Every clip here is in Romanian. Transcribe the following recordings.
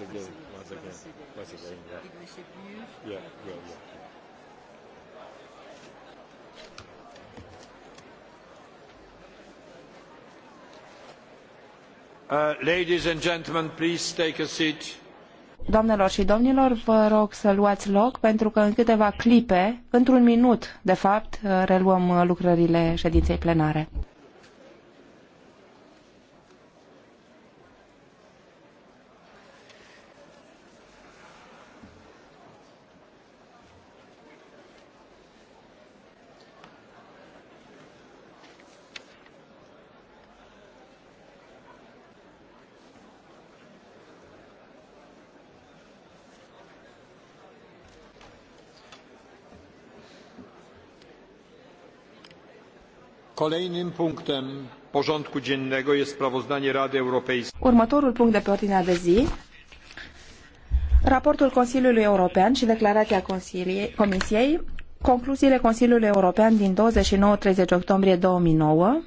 once again, once again, once again, yeah. Yeah, yeah, yeah. Uh, ladies and gentlemen, please take a seat. Doamnelor și domnilor, vă rog să luați loc pentru că în câteva clipe, într-un minut, de fapt, reluăm lucrările ședinței plenare. Kolejnym punktem porządku dziennego jest sprawozdanie Rady Europejskiej. Următorul punct de pe ordinea de zi Raportul Consiliului European și declarația Comisiei, concluziile Consiliului European din 29-30 octombrie 2009,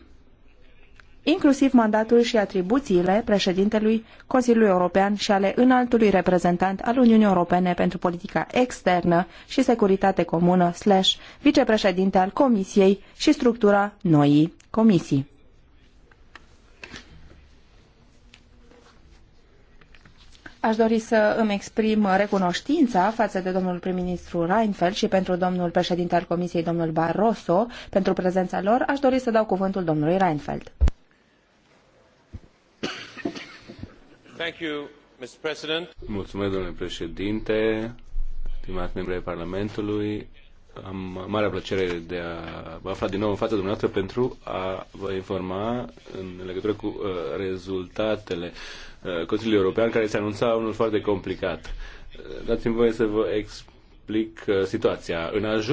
inclusiv mandatul și atribuțiile președintelui Consiliului European și ale înaltului reprezentant al Uniunii Europene pentru politica externă și securitate comună, slash, vicepreședinte al Comisiei și structura noii comisii. Aș dori să îmi exprim recunoștința față de domnul prim-ministru Reinfeldt și pentru domnul președinte al Comisiei, domnul Barroso, pentru prezența lor. Aș dori să dau cuvântul domnului Reinfeldt. Mulțumesc, domnule președinte, stimați membri ai Parlamentului. Am mare plăcere de a vă afla din nou în fața dumneavoastră pentru a vă informa în legătură cu uh, rezultatele uh, Consiliului European, care se anunța unul foarte complicat. Uh, dați-mi voie să vă explic uh, situația. În ajun